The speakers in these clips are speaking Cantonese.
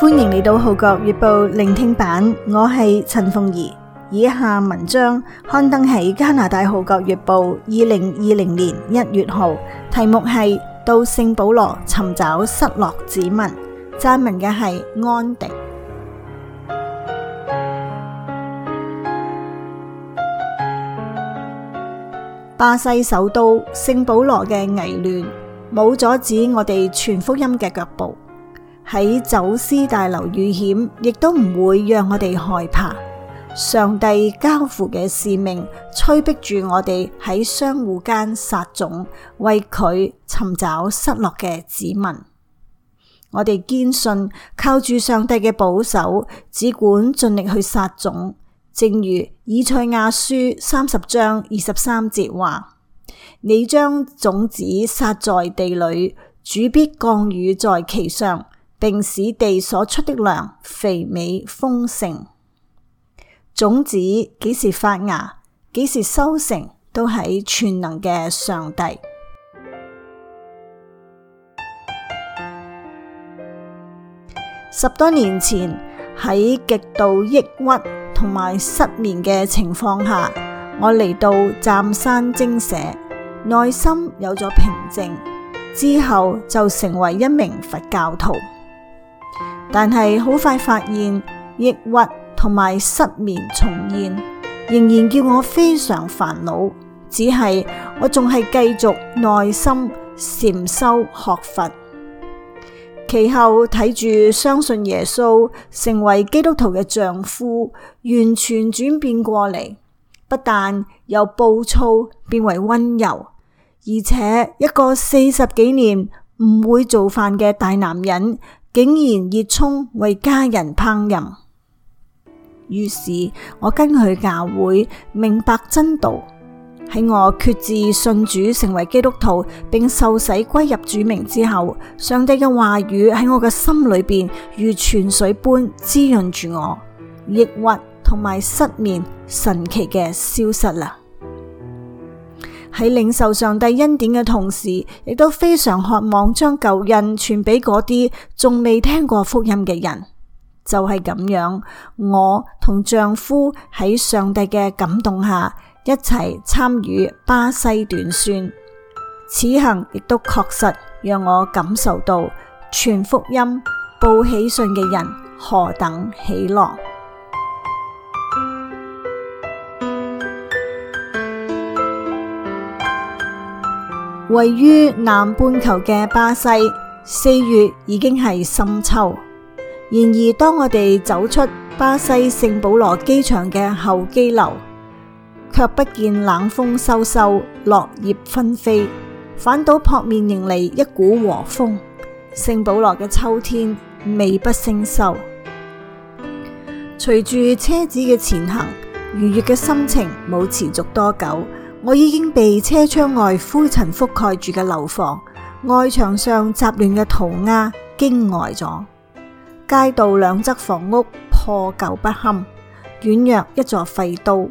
歡迎嚟到《號角月報》聆聽版，我係陳鳳儀。以下文章刊登喺加拿大《號角月報》二零二零年一月號，題目係《到聖保羅尋找失落子民》，撰文嘅係安迪。巴西首都聖保羅嘅危亂，冇阻止我哋傳福音嘅腳步。喺走私大樓遇險，亦都唔會讓我哋害怕。上帝交付嘅使命，催逼住我哋喺商戶間撒種，為佢尋找失落嘅子民。我哋堅信靠住上帝嘅保守，只管盡力去撒種。正如以賽亞書三十章二十三節話：「你將種子撒在地裡，主必降雨在其上。並使地所出的糧肥美豐盛，種子幾時發芽，幾時收成，都喺全能嘅上帝。十多年前喺極度抑鬱同埋失眠嘅情況下，我嚟到湛山精舍，內心有咗平靜之後，就成為一名佛教徒。但係好快發現抑鬱同埋失眠重現，仍然叫我非常煩惱。只係我仲係繼續耐心禪修學佛，其後睇住相信耶穌成為基督徒嘅丈夫，完全轉變過嚟，不但由暴躁變為溫柔，而且一個四十幾年唔會做飯嘅大男人。竟然熱衷為家人烹飪，於是我跟佢教會明白真道。喺我決志信主，成為基督徒，並受洗歸入主名之後，上帝嘅話語喺我嘅心裏邊如泉水般滋潤住我，抑鬱同埋失眠神奇嘅消失啦。喺領受上帝恩典嘅同時，亦都非常渴望將舊印傳俾嗰啲仲未聽過福音嘅人。就係咁樣，我同丈夫喺上帝嘅感動下，一齊參與巴西短宣。此行亦都確實讓我感受到傳福音、報喜訊嘅人何等喜樂。位於南半球嘅巴西，四月已經係深秋。然而，當我哋走出巴西聖保羅機場嘅候機樓，卻不見冷風颼颼、落葉紛飛，反倒撲面迎嚟一股和風。聖保羅嘅秋天美不勝收。隨住車子嘅前行，愉悅嘅心情冇持續多久。我已經被車窗外灰塵覆蓋住嘅樓房外牆上雜亂嘅塗鴉驚呆咗。街道兩側房屋破舊不堪，宛若一座廢都。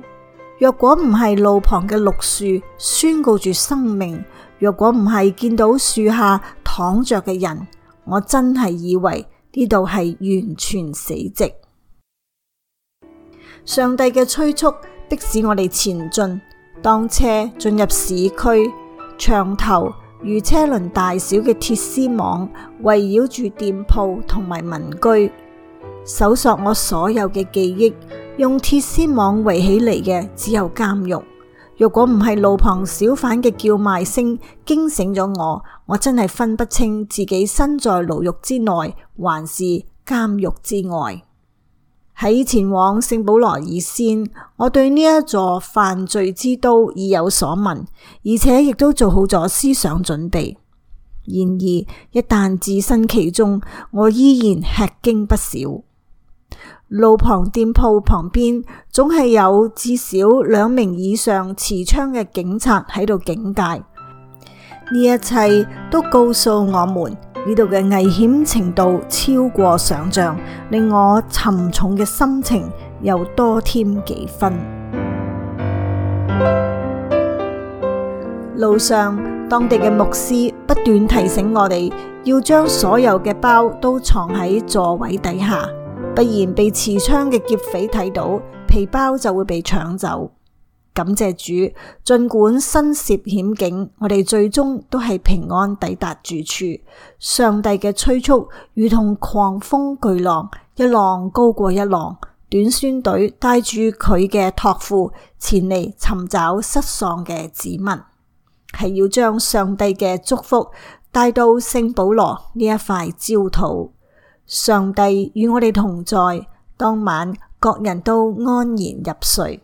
若果唔係路旁嘅綠樹宣告住生命，若果唔係見到樹下躺着嘅人，我真係以為呢度係完全死寂。上帝嘅催促，迫使我哋前進。當車進入市區，牆頭如車輪大小嘅鐵絲網圍繞住店鋪同埋民居。搜索我所有嘅記憶，用鐵絲網圍起嚟嘅只有監獄。如果唔係路旁小販嘅叫賣聲驚醒咗我，我真係分不清自己身在牢獄之內還是監獄之外。喺前往聖保羅而先，我對呢一座犯罪之都已有所聞，而且亦都做好咗思想準備。然而，一旦置身其中，我依然吃驚不少。路旁店鋪旁邊總係有至少兩名以上持槍嘅警察喺度警戒。呢一切都告訴我們。呢度嘅危險程度超過想象，令我沉重嘅心情又多添幾分。路上，當地嘅牧師不斷提醒我哋要將所有嘅包都藏喺座位底下，不然被持槍嘅劫匪睇到，皮包就會被搶走。感謝主，儘管身涉險境，我哋最終都係平安抵達住處。上帝嘅催促如同狂風巨浪，一浪高過一浪。短宣隊帶住佢嘅託付，前嚟尋找失喪嘅子民，係要將上帝嘅祝福帶到聖保羅呢一塊焦土。上帝與我哋同在，當晚各人都安然入睡。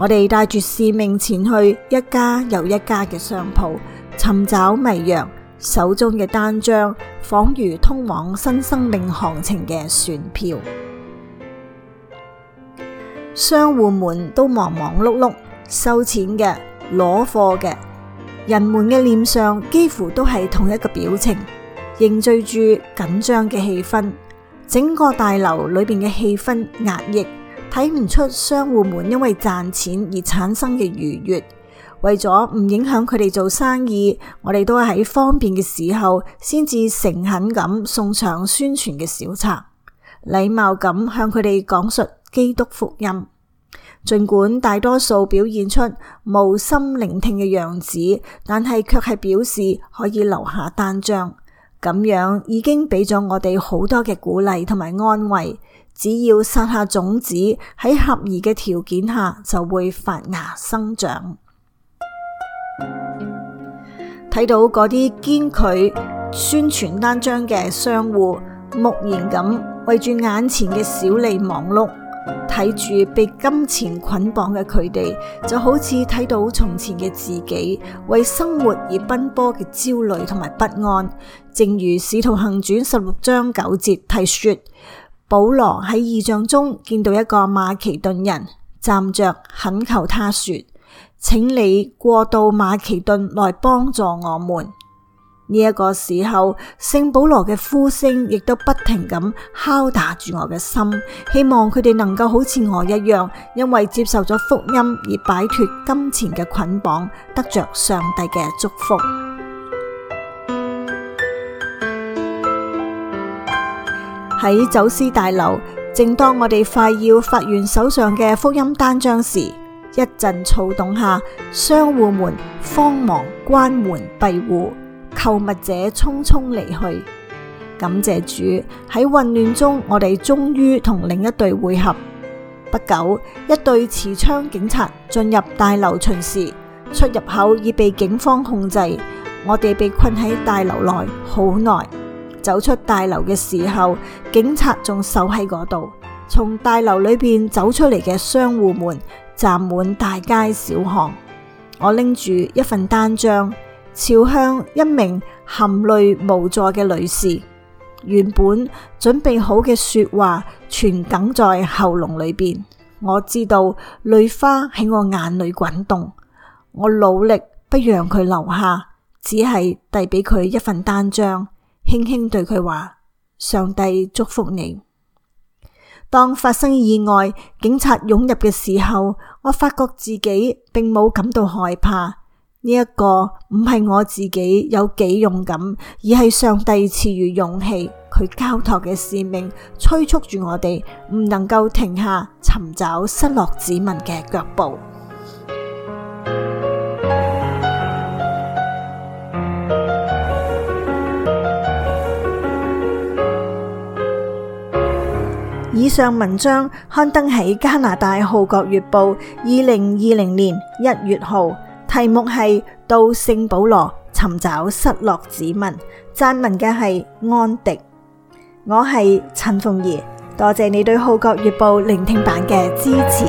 我哋帶住使命前去一家又一家嘅商鋪，尋找迷羊。手中嘅單張，仿如通往新生命航程嘅船票。商戶們都忙忙碌碌，收錢嘅、攞貨嘅，人們嘅臉上幾乎都係同一個表情，凝聚住緊張嘅氣氛。整個大樓裏邊嘅氣氛壓抑。睇唔出商戶們因為賺錢而產生嘅愉悅，為咗唔影響佢哋做生意，我哋都係喺方便嘅時候，先至誠懇咁送上宣傳嘅小冊，禮貌咁向佢哋講述基督福音。儘管大多數表現出無心聆聽嘅樣子，但係卻係表示可以留下單張，咁樣已經俾咗我哋好多嘅鼓勵同埋安慰。只要撒下種子喺合宜嘅條件下，就會發芽生長。睇 到嗰啲堅拒宣傳單張嘅商戶，木然咁為住眼前嘅小利忙碌，睇住被金錢捆綁嘅佢哋，就好似睇到從前嘅自己為生活而奔波嘅焦慮同埋不安。正如《使徒行傳》十六章九節提說。保羅喺異象中見到一個馬其頓人站着懇求他說：請你過到馬其頓來幫助我們。呢、這、一個時候，聖保羅嘅呼聲亦都不停咁敲打住我嘅心，希望佢哋能夠好似我一樣，因為接受咗福音而擺脱金錢嘅捆綁，得着上帝嘅祝福。喺走私大樓，正當我哋快要發完手上嘅福音單張時，一陣躁動下，商戶們慌忙關門閉戶，購物者匆匆離去。感謝主，喺混亂中，我哋終於同另一隊會合。不久，一隊持槍警察進入大樓巡視，出入口已被警方控制，我哋被困喺大樓內好耐。走出大樓嘅時候，警察仲守喺嗰度。從大樓裏邊走出嚟嘅商戶們站滿大街小巷。我拎住一份單張，朝向一名含淚無助嘅女士。原本準備好嘅說話全哽在喉嚨裏邊。我知道淚花喺我眼裏滾動，我努力不讓佢留下，只係遞俾佢一份單張。輕輕對佢話：上帝祝福你。當發生意外，警察湧入嘅時候，我發覺自己並冇感到害怕。呢一個唔係我自己有幾勇敢，而係上帝賜予勇氣。佢交託嘅使命，催促住我哋唔能夠停下尋找失落子民嘅腳步。以上文章刊登喺加拿大《號角月報》二零二零年一月號，題目係《到聖保羅尋找失落子民》，撰文嘅係安迪。我係陳鳳儀，多謝你對《號角月報》聆聽版嘅支持。